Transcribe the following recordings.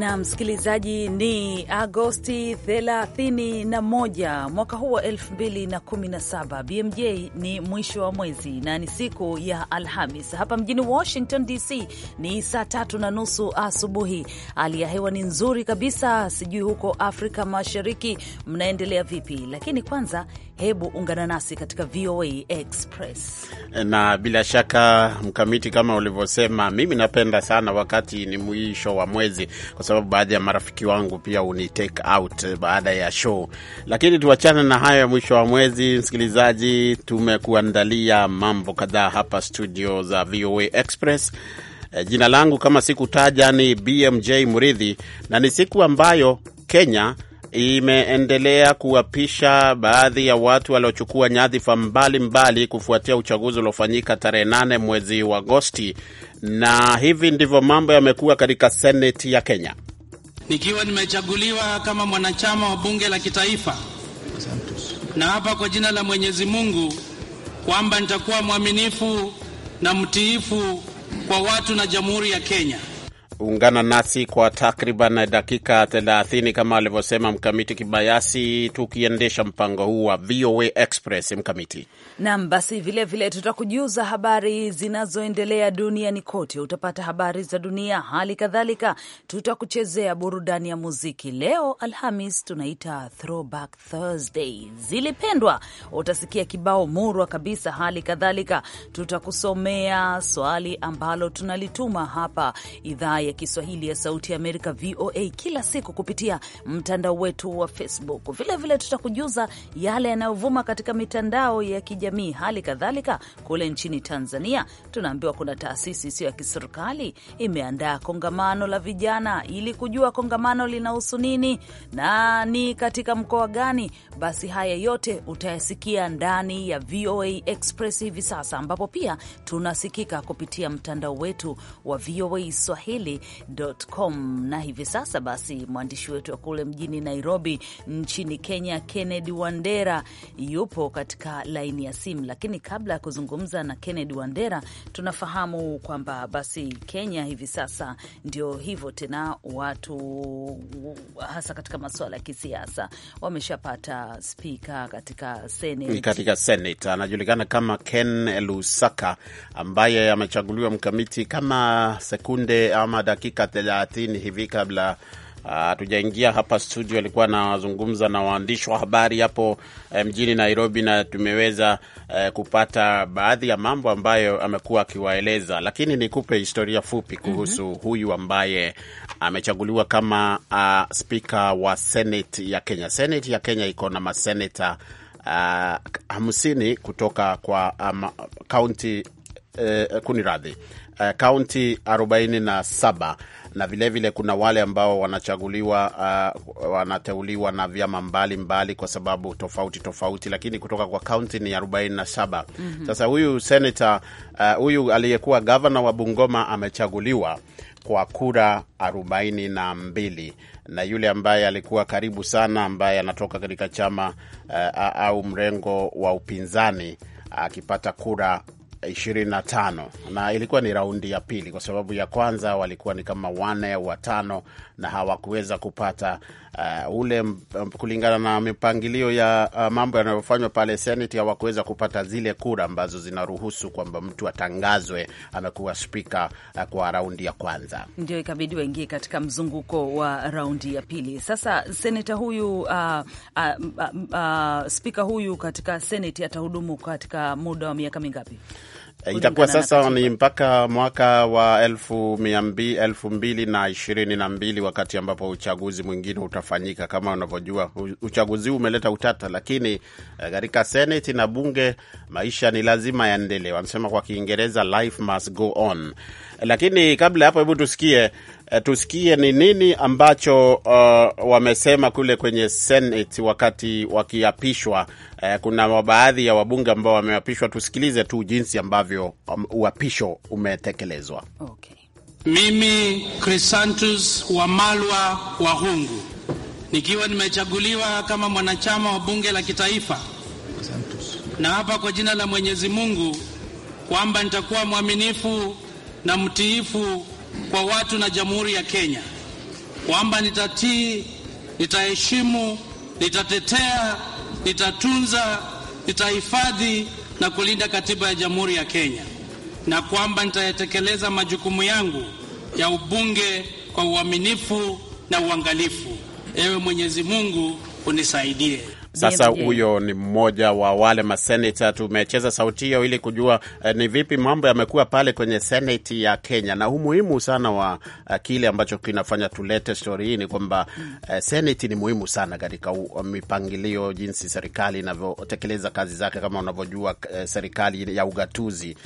na msikilizaji, ni Agosti 31 mwaka huu wa 2017. BMJ ni mwisho wa mwezi na ni siku ya Alhamis hapa mjini Washington DC ni saa tatu na nusu asubuhi. Hali ya hewa ni nzuri kabisa, sijui huko Afrika Mashariki mnaendelea vipi, lakini kwanza, hebu ungana nasi katika VOA Express na bila shaka Mkamiti, kama ulivyosema, mimi napenda sana wakati ni mwisho wa mwezi kwa sababu baadhi ya marafiki wangu pia uni take out eh, baada ya show. Lakini tuachane na hayo ya mwisho wa mwezi, msikilizaji, tumekuandalia mambo kadhaa hapa studio za VOA Express. Eh, jina langu kama sikutaja ni BMJ Muridhi, na ni siku ambayo Kenya imeendelea kuwapisha baadhi ya watu waliochukua nyadhifa mbalimbali kufuatia uchaguzi uliofanyika tarehe nane mwezi wa Agosti na hivi ndivyo mambo yamekuwa katika seneti ya Kenya. Nikiwa nimechaguliwa kama mwanachama wa bunge la kitaifa, na hapa kwa jina la Mwenyezi Mungu kwamba nitakuwa mwaminifu na mtiifu kwa watu na jamhuri ya Kenya. Ungana nasi kwa takriban dakika 30 kama alivyosema Mkamiti Kibayasi, tukiendesha mpango huu wa VOA Express. Mkamiti nam, basi vilevile tutakujuza habari zinazoendelea duniani kote, utapata habari za dunia, hali kadhalika tutakuchezea burudani ya muziki. Leo Alhamis tunaita Throwback Thursday, zilipendwa, utasikia kibao murwa kabisa. Hali kadhalika tutakusomea swali ambalo tunalituma hapa idhaa ya Kiswahili ya Sauti ya Amerika, VOA, kila siku kupitia mtandao wetu wa Facebook. Vilevile tutakujuza yale yanayovuma katika mitandao ya kijamii. Hali kadhalika kule nchini Tanzania, tunaambiwa kuna taasisi isiyo ya kiserikali imeandaa kongamano la vijana ili kujua kongamano linahusu nini na ni katika mkoa gani. Basi haya yote utayasikia ndani ya VOA Express hivi sasa, ambapo pia tunasikika kupitia mtandao wetu wa VOA Swahili na hivi sasa basi, mwandishi wetu wa kule mjini Nairobi nchini Kenya, Kennedy Wandera yupo katika laini ya simu, lakini kabla ya kuzungumza na Kennedy Wandera, tunafahamu kwamba basi Kenya hivi sasa ndio hivyo tena, watu hasa katika masuala ya kisiasa wameshapata spika katika Senate. Katika Senate anajulikana kama Ken Lusaka ambaye amechaguliwa mkamiti kama sekunde ama dakika 30 hivi kabla ah, hatujaingia uh, hapa studio, alikuwa anazungumza na waandishi wa habari hapo eh, mjini Nairobi, na tumeweza uh, kupata baadhi ya mambo ambayo amekuwa akiwaeleza, lakini nikupe historia fupi kuhusu mm -hmm. huyu ambaye amechaguliwa kama uh, ah, spika wa Senate ya Kenya. Senate ya Kenya iko na maseneta ah, hamsini uh, kutoka kwa kaunti um, uh, eh, kuniradhi Eh, kaunti na 47 na vilevile vile kuna wale ambao wanachaguliwa uh, wanateuliwa na vyama mbalimbali mbali kwa sababu tofauti tofauti, lakini kutoka kwa kaunti ni 47. mm -hmm. Sasa huyu senata uh, eh, huyu aliyekuwa gavana wa Bungoma amechaguliwa kwa kura arobaini na mbili na yule ambaye alikuwa karibu sana ambaye anatoka katika chama uh, au mrengo wa upinzani akipata uh, kura 25 na ilikuwa ni raundi ya pili, kwa sababu ya kwanza walikuwa ni kama wane au watano na hawakuweza kupata uh, ule um, kulingana na mipangilio ya uh, mambo yanayofanywa pale Senate, hawakuweza kupata zile kura ambazo zinaruhusu kwamba mtu atangazwe amekuwa spika uh, kwa raundi ya kwanza, ndio ikabidi waingie katika mzunguko wa raundi ya pili. Sasa seneta huyu uh, uh, um, uh, uh, spika huyu katika Senate atahudumu katika muda wa miaka mingapi? itakuwa sasa ni mpaka mwaka wa elfu, miambi, elfu mbili na ishirini na mbili wakati ambapo uchaguzi mwingine utafanyika. Kama unavyojua uchaguzi huu umeleta utata, lakini eh, katika seneti na bunge maisha ni lazima yaendelee. Wanasema kwa Kiingereza life must go on. Lakini kabla ya hapo, hebu tusikie Eh, tusikie ni nini ambacho uh, wamesema kule kwenye Senate wakati wakiapishwa. Uh, kuna baadhi ya wabunge ambao wameapishwa. Tusikilize tu jinsi ambavyo um, uapisho umetekelezwa. Okay. Mimi Crisantus Wamalwa Wahungu nikiwa nimechaguliwa kama mwanachama wa bunge la kitaifa na hapa kwa jina la Mwenyezi Mungu kwamba nitakuwa mwaminifu na mtiifu kwa watu na Jamhuri ya Kenya kwamba nitatii, nitaheshimu, nitatetea, nitatunza, nitahifadhi na kulinda katiba ya Jamhuri ya Kenya na kwamba nitayatekeleza majukumu yangu ya ubunge kwa uaminifu na uangalifu. Ewe Mwenyezi Mungu unisaidie. Sasa huyo ni mmoja wa wale maseneta. Tumecheza sauti hiyo ili kujua eh, ni vipi mambo yamekuwa pale kwenye seneti ya Kenya, na umuhimu sana wa uh, kile ambacho kinafanya tulete stori hii ni kwamba uh, seneti ni muhimu sana katika uh, mipangilio, jinsi serikali inavyotekeleza kazi zake. Kama unavyojua uh, serikali ya ugatuzi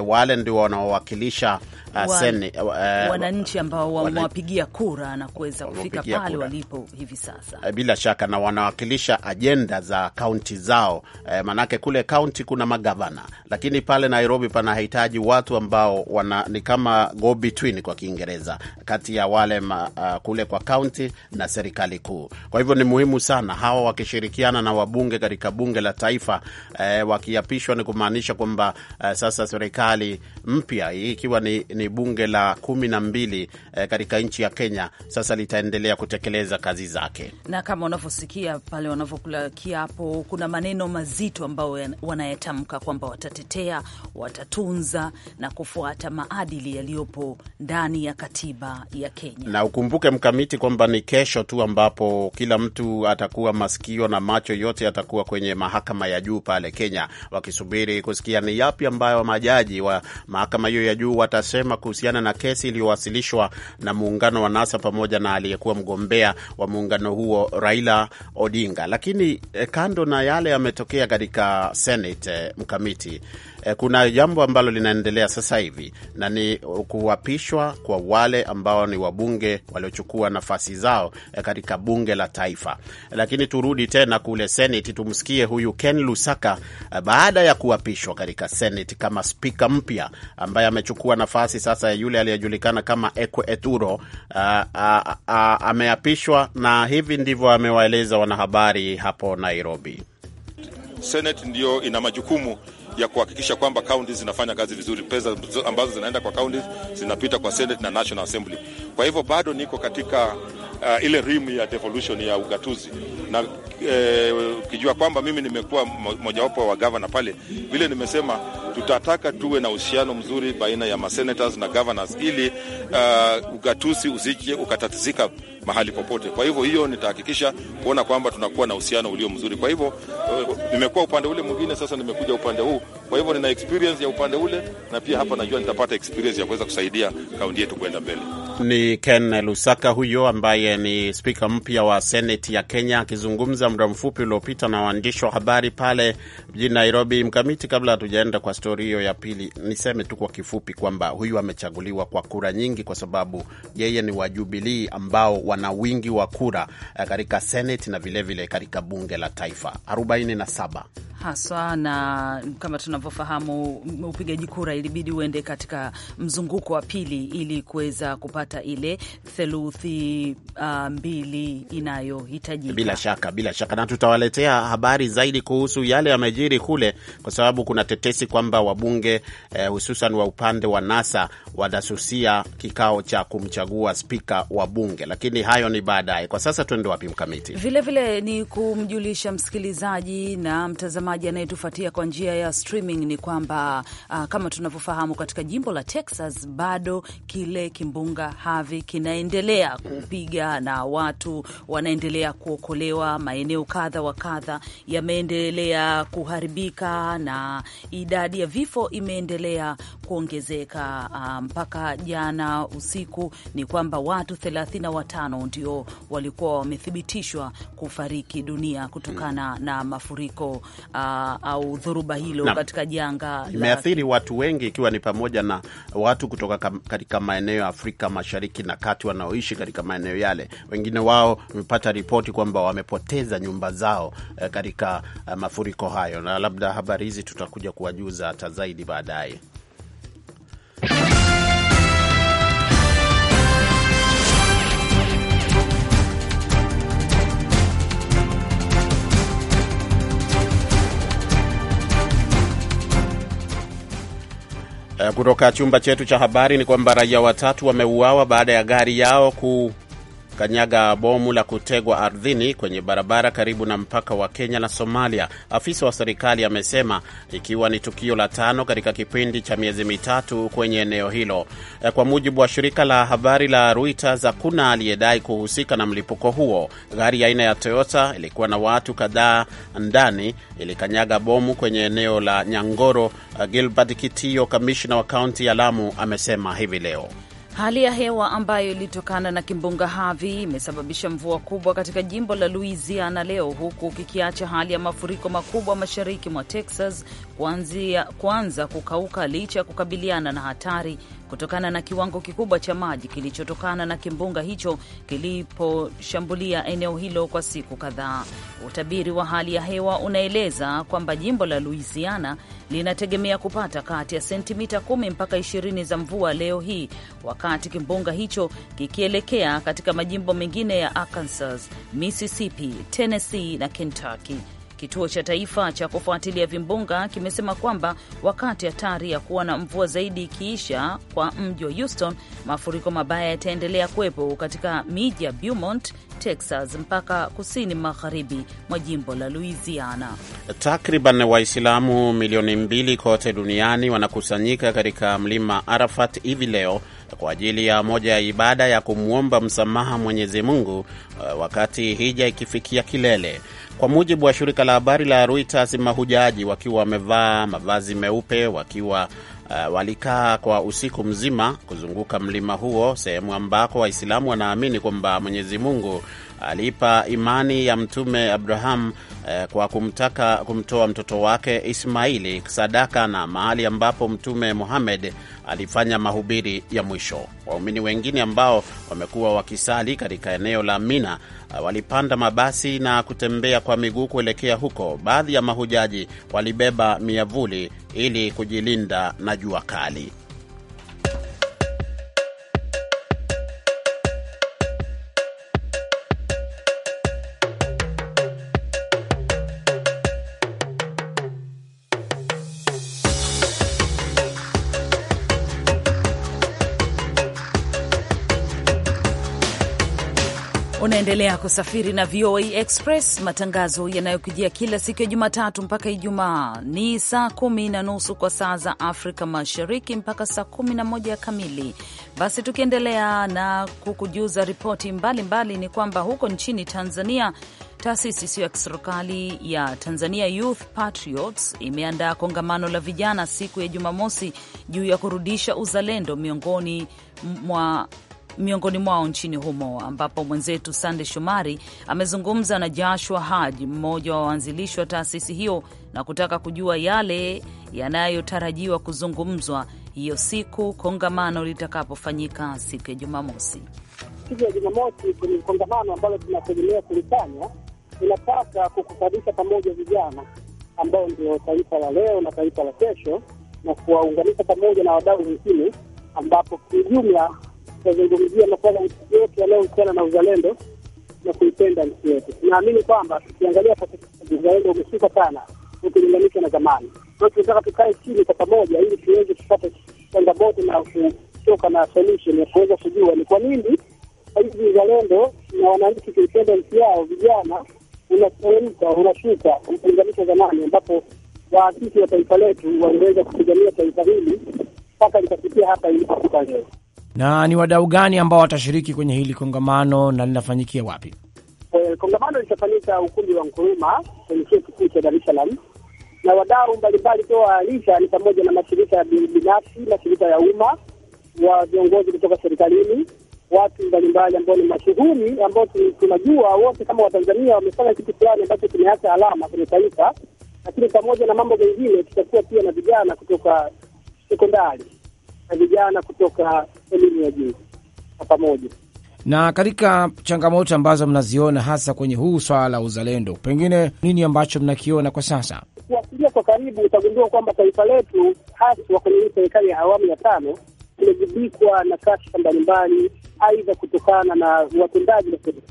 uh, wale ndio wanaowakilisha uh, seni, uh, wananchi ambao wamewapigia kura na kuweza kufika pale walipo hivi sasa, bila shaka na wanawakilisha ajenda za kaunti zao e, manake kule kaunti kuna magavana, lakini pale Nairobi panahitaji watu ambao wana, ni kama go between kwa Kiingereza kati ya wale ma, uh, kule kwa kaunti na serikali kuu. Kwa hivyo ni muhimu sana hawa wakishirikiana na wabunge katika bunge la taifa e, wakiapishwa, ni kumaanisha kwamba uh, sasa serikali mpya hii ikiwa ni, ni bunge la kumi na mbili e, katika nchi ya Kenya sasa litaendelea kutekeleza kazi zake na kama unavyosikia pale wanavyo kula kiapo, kuna maneno mazito ambayo wanayatamka kwamba watatetea, watatunza na kufuata maadili yaliyopo ndani ya katiba ya Kenya. Na ukumbuke mkamiti kwamba ni kesho tu ambapo kila mtu atakuwa masikio na macho yote yatakuwa kwenye mahakama ya juu pale Kenya, wakisubiri kusikia ni yapi ambayo majaji wa mahakama hiyo ya juu watasema kuhusiana na kesi iliyowasilishwa na muungano wa NASA pamoja na aliyekuwa mgombea wa muungano huo Raila Odinga lakini lakini eh, kando na yale yametokea katika Senate eh, mkamiti eh, kuna jambo ambalo linaendelea sasa hivi na ni uh, kuapishwa kwa wale ambao ni wabunge waliochukua nafasi zao eh, katika bunge la taifa. Lakini turudi tena kule Senate, tumsikie huyu Ken Lusaka eh, baada ya kuapishwa katika Senate kama spika mpya ambaye amechukua nafasi sasa ya yule aliyejulikana kama Ekwe Eturo, ah, eh, ah, eh, ah, eh, ameapishwa na hivi ndivyo amewaeleza wanahabari hapo Nairobi. Senate ndiyo ina majukumu ya kuhakikisha kwamba kaunti zinafanya kazi vizuri, pesa ambazo zinaenda kwa kaunti zinapita kwa Senate na National Assembly. Kwa hivyo bado niko katika uh, ile rimu ya devolution ya ugatuzi na eh, ukijua kwamba mimi nimekuwa mojawapo wa gavana pale, vile nimesema tutataka tuwe na uhusiano mzuri baina ya masenators na governors ili uh, ugatusi usije ukatatizika mahali popote. Kwa hivyo hiyo nitahakikisha kuona kwamba tunakuwa na uhusiano ulio mzuri. Kwa hivyo uh, nimekuwa upande ule mwingine, sasa nimekuja upande huu. Kwa hivyo nina experience ya upande ule na pia hapa najua nitapata experience ya kuweza kusaidia kaunti yetu kwenda mbele. Ni Ken Lusaka huyo ambaye ni spika mpya wa seneti ya Kenya akizungumza tulizungumza muda mfupi uliopita na waandishi wa habari pale mjini Nairobi. Mkamiti, kabla hatujaenda kwa stori hiyo ya pili, niseme tu kwa kifupi kwamba huyu amechaguliwa kwa kura nyingi, kwa sababu yeye ni wa Jubilii ambao wana wingi wa kura eh, katika seneti na vilevile katika bunge la taifa 47 haswa, na kama tunavyofahamu upigaji kura ilibidi uende katika mzunguko wa pili ili kuweza kupata ile theluthi uh, mbili inayohitajika. Bila shaka, bila shaka, na tutawaletea habari zaidi kuhusu yale yamejiri kule, kwa sababu kuna tetesi kwamba wabunge eh, hususan wa upande wa NASA watasusia kikao cha kumchagua spika wa bunge, lakini hayo ni baadaye. Kwa sasa tuende wapi, Mkamiti? Vilevile ni kumjulisha msikilizaji na mtazamaji mtazamaji anayetufuatia kwa njia ya streaming ni kwamba uh, kama tunavyofahamu katika jimbo la Texas bado kile kimbunga Harvey kinaendelea kupiga na watu wanaendelea kuokolewa, maeneo kadha wa kadha yameendelea kuharibika na idadi ya vifo imeendelea kuongezeka ah, mpaka jana usiku ni kwamba watu 35 ndio walikuwa wamethibitishwa kufariki dunia kutokana na mafuriko uh, uh, au dhoruba hilo na, katika janga imeathiri la... watu wengi ikiwa ni pamoja na watu kutoka kam, katika maeneo ya Afrika Mashariki na kati wanaoishi katika maeneo yale. Wengine wao wamepata ripoti kwamba wamepoteza nyumba zao eh, katika eh, mafuriko hayo, na labda habari hizi tutakuja kuwajuza hata zaidi baadaye. Eh, kutoka chumba chetu cha habari ni kwamba raia watatu wameuawa baada ya gari yao ku kanyaga bomu la kutegwa ardhini kwenye barabara karibu na mpaka wa Kenya na Somalia, afisa wa serikali amesema, ikiwa ni tukio la tano katika kipindi cha miezi mitatu kwenye eneo hilo. Eh, kwa mujibu wa shirika la habari la Reuters, hakuna aliyedai kuhusika na mlipuko huo. Gari aina ya Toyota ilikuwa na watu kadhaa ndani, ilikanyaga bomu kwenye eneo la Nyangoro. Eh, Gilbert Kitio, kamishna wa kaunti ya Lamu, amesema hivi leo. Hali ya hewa ambayo ilitokana na kimbunga Harvey imesababisha mvua kubwa katika jimbo la Louisiana leo, huku kikiacha hali ya mafuriko makubwa mashariki mwa Texas kuanzia kuanza kukauka, licha ya kukabiliana na hatari kutokana na kiwango kikubwa cha maji kilichotokana na kimbunga hicho kiliposhambulia eneo hilo kwa siku kadhaa. Utabiri wa hali ya hewa unaeleza kwamba jimbo la Louisiana linategemea kupata kati ya sentimita 10 mpaka 20 za mvua leo hii wakati wakati kimbunga hicho kikielekea katika majimbo mengine ya Arkansas, Mississippi, Tennessee na Kentucky. Kituo cha Taifa cha kufuatilia vimbunga kimesema kwamba wakati hatari ya kuwa na mvua zaidi ikiisha kwa mji wa Houston, mafuriko mabaya yataendelea kuwepo katika miji ya Beaumont, Texas mpaka kusini magharibi mwa jimbo la Louisiana. Takriban Waislamu milioni mbili kote duniani wanakusanyika katika mlima Arafat hivi leo kwa ajili ya moja ya ibada ya kumwomba msamaha Mwenyezi Mungu uh, wakati hija ikifikia kilele. Kwa mujibu wa shirika la habari la Reuters, mahujaji wakiwa wamevaa mavazi meupe wakiwa Uh, walikaa kwa usiku mzima kuzunguka mlima huo, sehemu ambako Waislamu wanaamini kwamba Mwenyezi Mungu aliipa imani ya Mtume Abraham eh, kwa kumtaka kumtoa mtoto wake Ismaili sadaka na mahali ambapo Mtume Muhammad alifanya mahubiri ya mwisho. Waumini wengine ambao wamekuwa wakisali katika eneo la Mina eh, walipanda mabasi na kutembea kwa miguu kuelekea huko. Baadhi ya mahujaji walibeba miavuli ili kujilinda na jua kali. Unaendelea kusafiri na VOA Express, matangazo yanayokujia kila siku ya Jumatatu mpaka Ijumaa. Ni saa kumi na nusu kwa saa za Afrika Mashariki, mpaka saa kumi na moja kamili. Basi tukiendelea na kukujuza ripoti mbalimbali, ni kwamba huko nchini Tanzania taasisi isiyo ya kiserikali ya Tanzania Youth Patriots imeandaa kongamano la vijana siku ya Jumamosi juu ya kurudisha uzalendo miongoni mwa miongoni mwao nchini humo, ambapo mwenzetu Sande Shomari amezungumza na Joshua Haji, mmoja wa waanzilishi wa taasisi hiyo, na kutaka kujua yale yanayotarajiwa kuzungumzwa hiyo siku kongamano litakapofanyika siku ya Jumamosi. Siku ya Jumamosi kwenye kongamano ambalo tunategemea kulifanya, inataka kukutanisha pamoja vijana ambao ndio taifa la leo na taifa la kesho, na kuwaunganisha pamoja na wadau wengine, ambapo kiujumla tutazungumzia masuala yetu yanayohusiana na uzalendo na kuipenda nchi yetu. Tunaamini kwamba tukiangalia uzalendo umeshuka sana ukilinganisha na zamani. Kwa tunataka tukae chini kwa pamoja, ili tuweze kupata changamoto na kutoka na solution ya kuweza kujua ni kwa nini hizi uzalendo na wananchi kuipenda nchi yao vijana unateremka unashuka ukilinganisha zamani, ambapo waasisi wa taifa letu waliweza kupigania taifa hili mpaka likafikia hapa ilipofika leo na ni wadau gani ambao watashiriki kwenye hili kongamano na linafanyikia wapi? E, kongamano litafanyika ukumbi wa Nkuruma kwenye chuo kikuu cha Dar es Salaam, na wadau mbalimbali towaalisha ni pamoja na mashirika ya binafsi, mashirika ya umma, wa viongozi kutoka serikalini, watu mbalimbali ambao ni mashuhuri, ambao tunajua wote kama Watanzania wamefanya kitu fulani ambacho kimeacha alama kwenye taifa, lakini pamoja na mambo mengine tutakuwa pia na vijana kutoka sekondari na vijana kutoka elimu ya juu kwa pamoja. Na katika changamoto ambazo mnaziona hasa kwenye huu swala la uzalendo, pengine nini ambacho mnakiona kwa sasa? Ukifuatilia kwa karibu, utagundua kwamba taifa letu haswa kwenye hii serikali ya awamu ya tano imegubikwa na kashfa mbalimbali, aidha kutokana na watendaji wa serikali,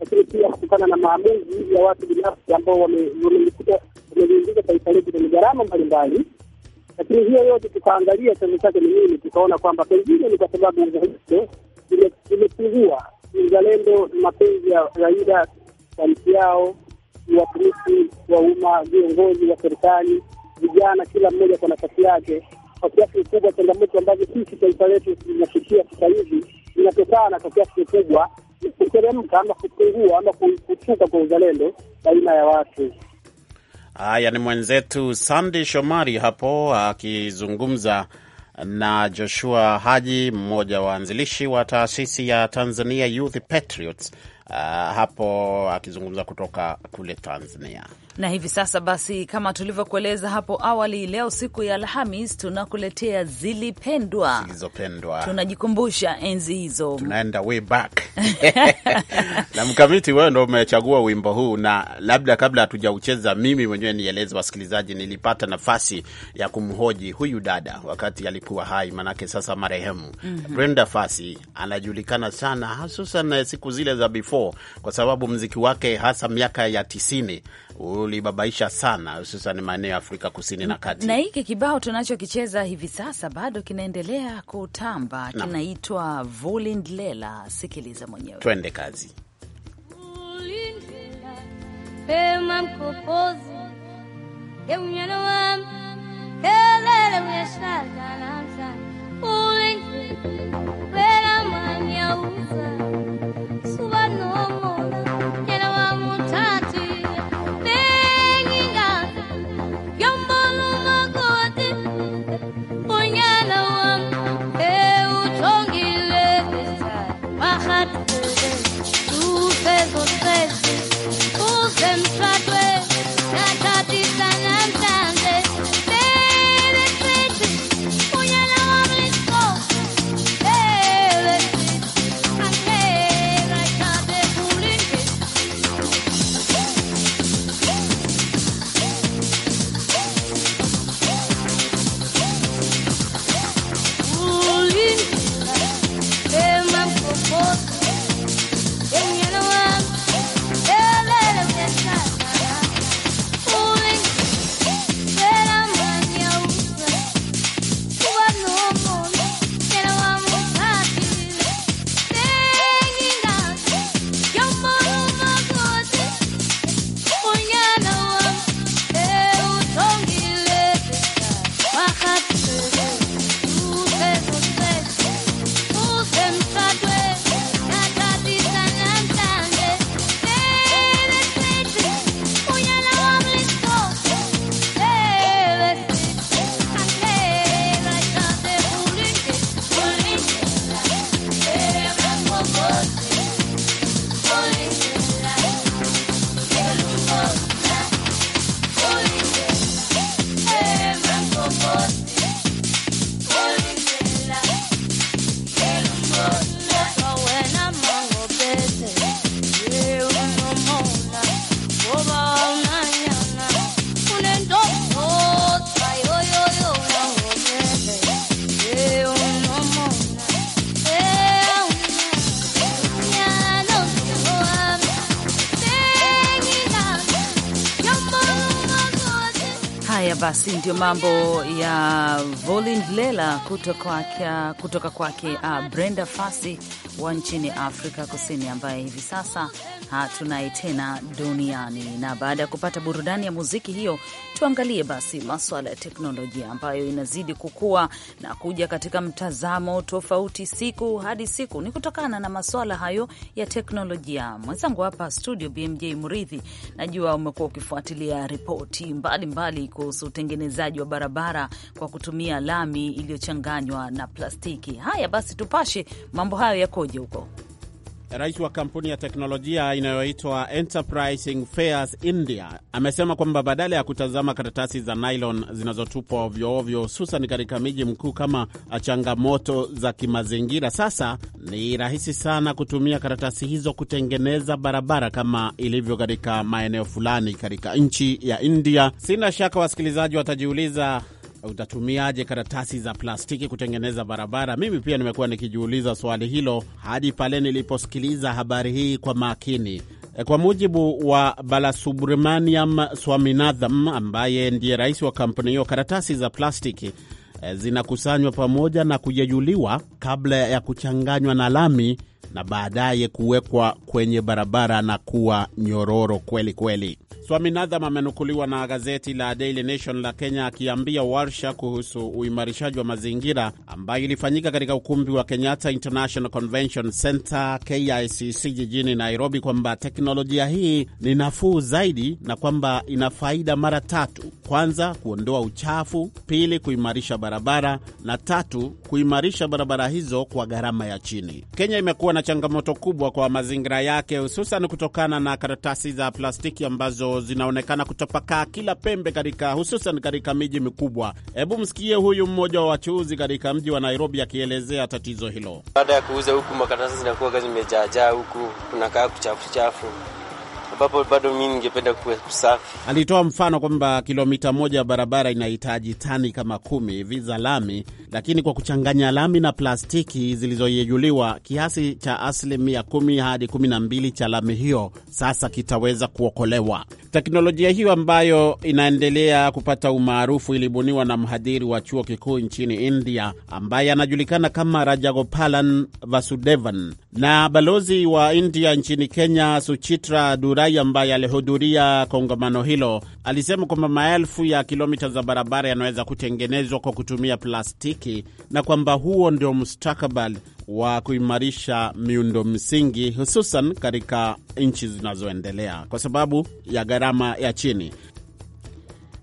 lakini pia kutokana na maamuzi ya watu binafsi ambao wamelikuta wameliingiza taifa letu kwenye gharama mbalimbali lakini hiyo yote tukaangalia chanzo chake ni nini, tukaona kwamba pengine ni kwa sababu uzalendo imepungua. Uzalendo ni mapenzi ya raia wa nchi yao, watumishi wa umma, viongozi wa serikali, vijana, kila mmoja kwa nafasi yake. Kwa kiasi kikubwa, changamoto ambazo sisi taifa letu linapitia sasa hivi zinatokana kwa kiasi kikubwa kuteremka ama kupungua ama kushuka kwa uzalendo baina ya watu. Haya, ni mwenzetu Sandi Shomari hapo akizungumza na Joshua Haji, mmoja wa waanzilishi wa taasisi ya Tanzania Youth Patriots, ah, hapo akizungumza kutoka kule Tanzania na hivi sasa basi, kama tulivyokueleza hapo awali, leo siku ya Alhamis tunakuletea zilipendwa, zilizopendwa. Tunajikumbusha enzi hizo, tunaenda way back na Mkamiti, wewe ndo umechagua wimbo huu, na labda kabla hatujaucheza, mimi mwenyewe nieleze wasikilizaji, nilipata nafasi ya kumhoji huyu dada wakati alikuwa hai, manake sasa marehemu. mm -hmm. Brenda Fasi anajulikana sana, hususan eh, siku zile za before, kwa sababu mziki wake hasa miaka ya tisini ulibabaisha sana, hususan maeneo ya Afrika Kusini na Kati. Na hiki kibao tunachokicheza hivi sasa bado kinaendelea kutamba, kinaitwa Vulindlela. Sikiliza mwenyewe, twende kazi. Haya basi, ndio mambo ya Volindlela kutoka kwake kutoka kwake uh, Brenda Fasi wa nchini Afrika Kusini ambaye hivi sasa hatunaye tena duniani. Na baada ya kupata burudani ya muziki hiyo, tuangalie basi maswala ya teknolojia ambayo inazidi kukua na kuja katika mtazamo tofauti siku hadi siku. Ni kutokana na maswala hayo ya teknolojia. Mwenzangu hapa studio BMJ Murithi, najua umekuwa ukifuatilia ripoti mbalimbali kuhusu utengenezaji wa barabara kwa kutumia lami iliyochanganywa na plastiki. Haya basi, tupashe mambo hayo yako kukoje huko? Rais wa kampuni ya teknolojia inayoitwa Enterprising Fairs India amesema kwamba badala ya kutazama karatasi za nylon zinazotupwa ovyoovyo, hususan katika miji mkuu kama changamoto za kimazingira, sasa ni rahisi sana kutumia karatasi hizo kutengeneza barabara kama ilivyo katika maeneo fulani katika nchi ya India. Sina shaka wasikilizaji watajiuliza utatumiaje karatasi za plastiki kutengeneza barabara? Mimi pia nimekuwa nikijiuliza swali hilo hadi pale niliposikiliza habari hii kwa makini. E, kwa mujibu wa Balasubramaniam Swaminatham ambaye ndiye rais wa kampuni hiyo, karatasi za plastiki e, zinakusanywa pamoja na kujejuliwa kabla ya kuchanganywa na lami na baadaye kuwekwa kwenye barabara na kuwa nyororo kweli kweli. Swaminathan amenukuliwa na gazeti la Daily Nation la Kenya akiambia warsha kuhusu uimarishaji wa mazingira ambayo ilifanyika katika ukumbi wa Kenyatta International Convention Center KICC jijini Nairobi kwamba teknolojia hii ni nafuu zaidi na kwamba ina faida mara tatu: kwanza, kuondoa uchafu; pili, kuimarisha barabara; na tatu, kuimarisha barabara hizo kwa gharama ya chini. Kenya imekuwa na changamoto kubwa kwa mazingira yake, hususan kutokana na karatasi za plastiki ambazo zinaonekana kutopakaa kila pembe, katika hususan katika miji mikubwa. Hebu msikie huyu mmoja wa wachuuzi katika mji wa Nairobi akielezea tatizo hilo. Baada ya kuuza huku, makaratasi zinakuwa zimejaajaa huku, kunakaa kuchafuchafu ambapo bado mi ningependa kuwe kusafi. Alitoa mfano kwamba kilomita moja ya barabara inahitaji tani kama kumi hivi za lami lakini kwa kuchanganya lami na plastiki zilizoyejuliwa, kiasi cha asilimia 1 hadi 12 cha lami hiyo sasa kitaweza kuokolewa. Teknolojia hiyo ambayo inaendelea kupata umaarufu ilibuniwa na mhadhiri wa chuo kikuu nchini India ambaye anajulikana kama Rajagopalan Vasudevan na balozi wa India nchini Kenya Suchitra Durai ambaye alihudhuria kongamano hilo alisema kwamba maelfu ya kilomita za barabara yanaweza kutengenezwa kwa kutumia plastiki haki na kwamba huo ndio mustakabali wa kuimarisha miundo msingi hususan katika nchi zinazoendelea kwa sababu ya gharama ya chini.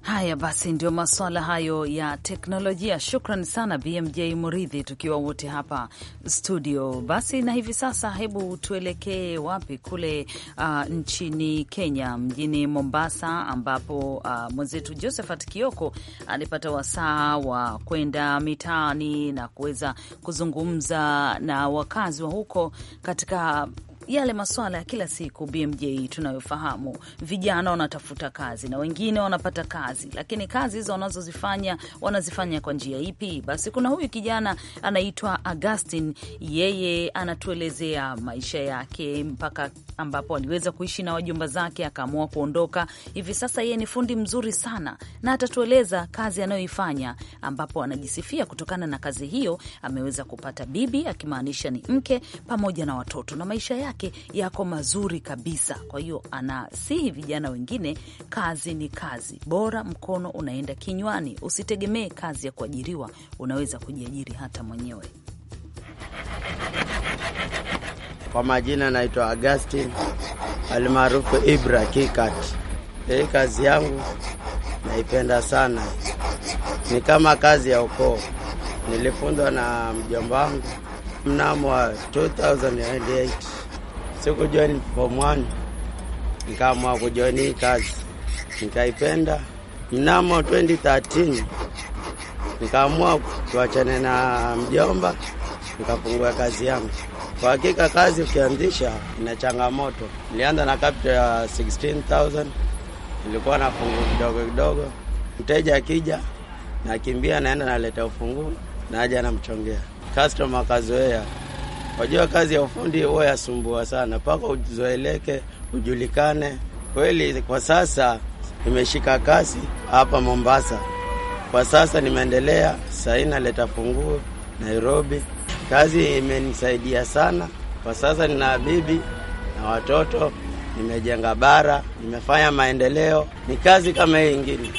Haya basi, ndio maswala hayo ya teknolojia. Shukran sana BMJ Muridhi, tukiwa wote hapa studio. Basi na hivi sasa, hebu tuelekee wapi? Kule uh, nchini Kenya, mjini Mombasa, ambapo uh, mwenzetu Josephat Kioko alipata wasaa wa kwenda mitaani na kuweza kuzungumza na wakazi wa huko katika yale maswala ya kila siku BMJ tunayofahamu, vijana wanatafuta kazi na wengine wanapata kazi, lakini kazi hizo wanazozifanya wanazifanya kwa njia ipi? Basi kuna huyu kijana anaitwa Augustin, yeye anatuelezea maisha yake mpaka ambapo aliweza kuishi na wajumba zake, akaamua kuondoka. Hivi sasa yeye ni fundi mzuri sana na atatueleza kazi anayoifanya, ambapo anajisifia kutokana na kazi hiyo ameweza kupata bibi, akimaanisha ni mke pamoja na watoto na maisha yake yake yako mazuri kabisa. Kwa hiyo anasihi vijana wengine, kazi ni kazi, bora mkono unaenda kinywani. Usitegemee kazi ya kuajiriwa, unaweza kujiajiri hata mwenyewe. Kwa majina anaitwa Augustin almaarufu Ibra Kikat. Hii kazi yangu naipenda sana, ni kama kazi ya ukoo. nilifunzwa na mjomba wangu mnamo 2008 sikujoin form one, nikaamua kujoin hii kazi, nikaipenda. Mnamo 2013 nikaamua tuachane na mjomba, nikafungua kazi yangu. Kwa hakika kazi ukianzisha ina changamoto. Nilianza na capital ya 16000 nilikuwa na fungu kidogo kidogo. Mteja akija nakimbia, naenda naleta ufunguo, naja namchongea. Customer kazoea Wajua kazi ya ufundi huwa yasumbua sana, mpaka uzoeleke, ujulikane kweli. Kwa sasa nimeshika kasi hapa Mombasa, kwa sasa nimeendelea sahii, naleta funguo Nairobi. Kazi imenisaidia sana kwa sasa, nina bibi na watoto, nimejenga bara, nimefanya maendeleo. Ni kazi kama hii ingine.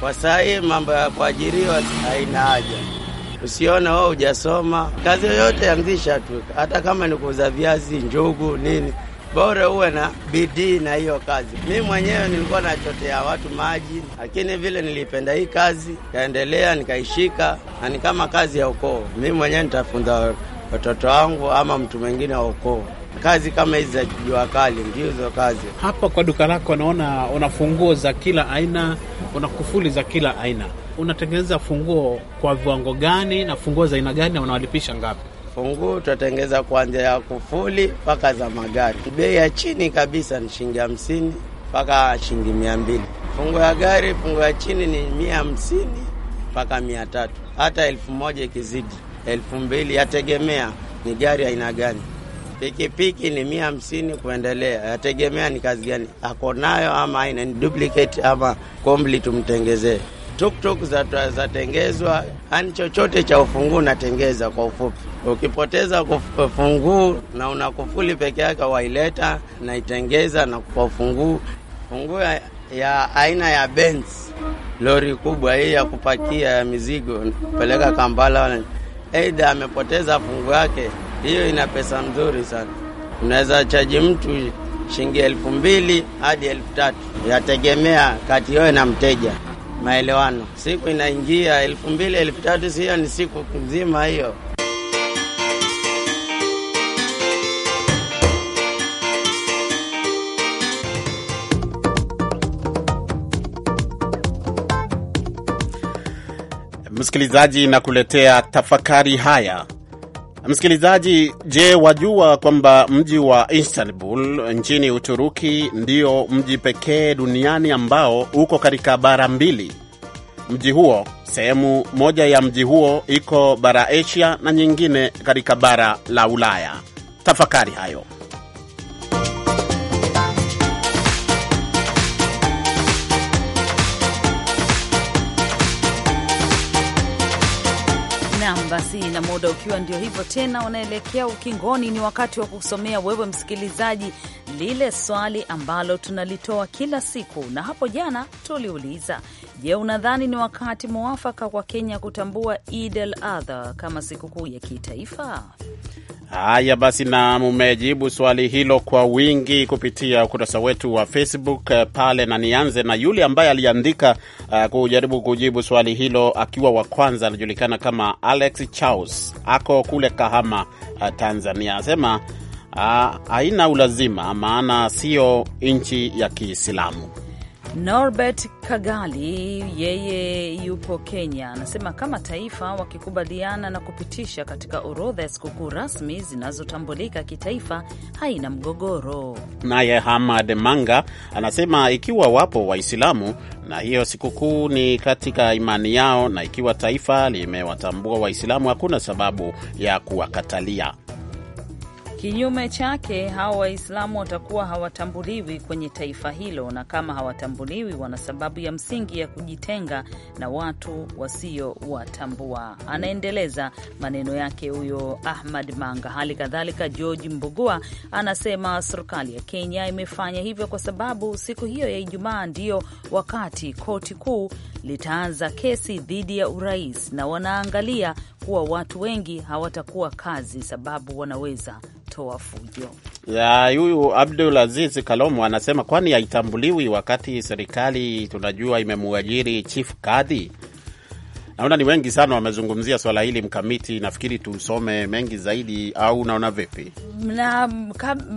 Kwa sahii mambo ya kuajiriwa haina haja usiona wao hujasoma. Kazi yoyote anzisha tu, hata kama ni kuuza viazi, njugu, nini, bora uwe na bidii na hiyo kazi. Mi mwenyewe nilikuwa nachotea watu maji, lakini vile nilipenda hii kazi, kaendelea nikaishika, na ni kama kazi ya ukoo. Mi mwenyewe nitafunza watoto wangu ama mtu mwingine wa ukoo kazi kama hizi za jua kali ndio hizo kazi. Hapa kwa duka lako naona una funguo za kila aina, una kufuli za kila aina. Unatengeneza funguo kwa viwango gani na funguo za aina gani na unawalipisha ngapi? Funguo tutatengeneza kuanzia ya kufuli mpaka za magari. Bei ya chini kabisa ni shilingi hamsini mpaka shilingi mia mbili. Funguo ya gari, funguo ya chini ni mia hamsini mpaka mia tatu hata elfu moja ikizidi elfu mbili yategemea ni gari aina gani. Pikipiki ni mia hamsini kuendelea, yategemea ni kazi gani ako nayo, ama aina ni duplicate ama kombli, tumtengezee. Tuktuk zatengezwa, za ani chochote cha ufunguu unatengeza. Kwa ufupi, ukipoteza ufunguu na una kufuli peke yake, waileta naitengeza na kwa ufunguu funguu ya, ya aina ya Benz, lori kubwa hii ya kupakia ya mizigo kupeleka Kampala, aidha amepoteza fungu yake hiyo ina pesa nzuri sana. Unaweza chaji mtu shilingi elfu mbili hadi elfu tatu yategemea kati yowe na mteja, maelewano. Siku inaingia elfu mbili elfu tatu siyo, ni siku nzima hiyo. Msikilizaji, nakuletea tafakari haya Msikilizaji, je, wajua kwamba mji wa Istanbul nchini Uturuki ndio mji pekee duniani ambao uko katika bara mbili? Mji huo, sehemu moja ya mji huo iko bara Asia na nyingine katika bara la Ulaya. Tafakari hayo. basi na muda ukiwa ndio hivyo tena, unaelekea ukingoni, ni wakati wa kusomea wewe msikilizaji lile swali ambalo tunalitoa kila siku, na hapo jana tuliuliza, je, unadhani ni wakati mwafaka kwa Kenya kutambua Eid al Adha kama sikukuu ya kitaifa? Haya basi, na mumejibu swali hilo kwa wingi kupitia ukurasa wetu wa Facebook eh, pale, na nianze na yule ambaye aliandika uh, kujaribu kujibu swali hilo akiwa wa kwanza, anajulikana kama Alex Charles, ako kule Kahama, uh, Tanzania, anasema ah, haina uh, ulazima, maana sio nchi ya Kiislamu. Norbert Kagali yeye yupo Kenya, anasema kama taifa wakikubaliana na kupitisha katika orodha ya sikukuu rasmi zinazotambulika kitaifa haina mgogoro. Naye Hamad Manga anasema ikiwa wapo Waislamu na hiyo sikukuu ni katika imani yao, na ikiwa taifa limewatambua Waislamu hakuna sababu ya kuwakatalia. Kinyume chake, hao Waislamu watakuwa hawatambuliwi kwenye taifa hilo, na kama hawatambuliwi, wana sababu ya msingi ya kujitenga na watu wasiowatambua. Anaendeleza maneno yake huyo Ahmad Manga. Hali kadhalika, George Mbugua anasema serikali ya Kenya imefanya hivyo kwa sababu siku hiyo ya Ijumaa ndiyo wakati koti kuu litaanza kesi dhidi ya urais, na wanaangalia kuwa watu wengi hawatakuwa kazi, sababu wanaweza kutoa fujo. Huyu Abdul Aziz Kalomo anasema kwani haitambuliwi wakati serikali tunajua imemuajiri chief kadhi Naona ni wengi sana wamezungumzia swala hili mkamiti, nafikiri tusome mengi zaidi, au unaona vipi? Na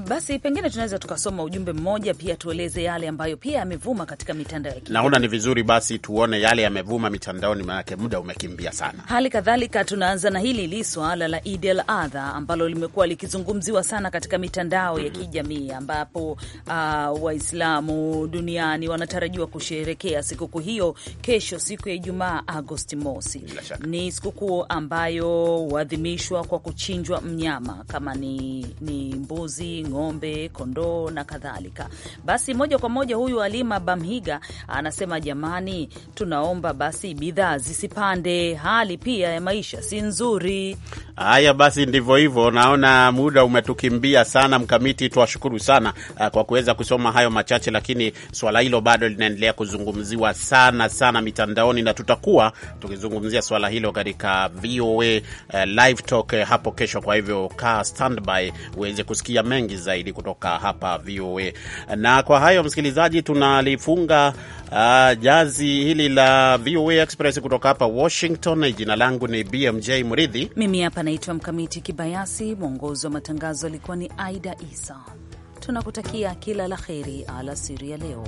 basi pengine tunaweza tukasoma ujumbe mmoja pia, tueleze yale ambayo pia yamevuma katika mitandao ya naona ni vizuri, basi tuone yale yamevuma mitandaoni, maanake muda umekimbia sana. Hali kadhalika tunaanza na hili li swala la Eid al Adha ambalo limekuwa likizungumziwa sana katika mitandao mm -hmm. ya kijamii ambapo uh, Waislamu duniani wanatarajiwa kusherekea sikukuu hiyo kesho, siku ya Ijumaa Agosti mo Jumamosi. ni sikukuu ambayo huadhimishwa kwa kuchinjwa mnyama kama ni, ni mbuzi, ng'ombe, kondoo na kadhalika. Basi moja kwa moja huyu Alima Bamhiga anasema jamani, tunaomba basi bidhaa zisipande, hali pia ya maisha si nzuri. Haya basi, ndivyo hivyo. Naona muda umetukimbia sana, Mkamiti, twashukuru sana eh, kwa kuweza kusoma hayo machache, lakini swala hilo bado linaendelea kuzungumziwa sana sana mitandaoni na tutakuwa tukizu tutazungumzia swala hilo katika VOA eh, Live Talk eh, hapo kesho. Kwa hivyo kaa standby uweze kusikia mengi zaidi kutoka hapa VOA. Na kwa hayo, msikilizaji, tunalifunga uh, jazi hili la VOA Express kutoka hapa Washington. Jina langu ni BMJ Mridhi, mimi hapa naitwa Mkamiti Kibayasi. Mwongozi wa matangazo alikuwa ni Aida Isa. Tunakutakia kila la heri alasiri ya leo.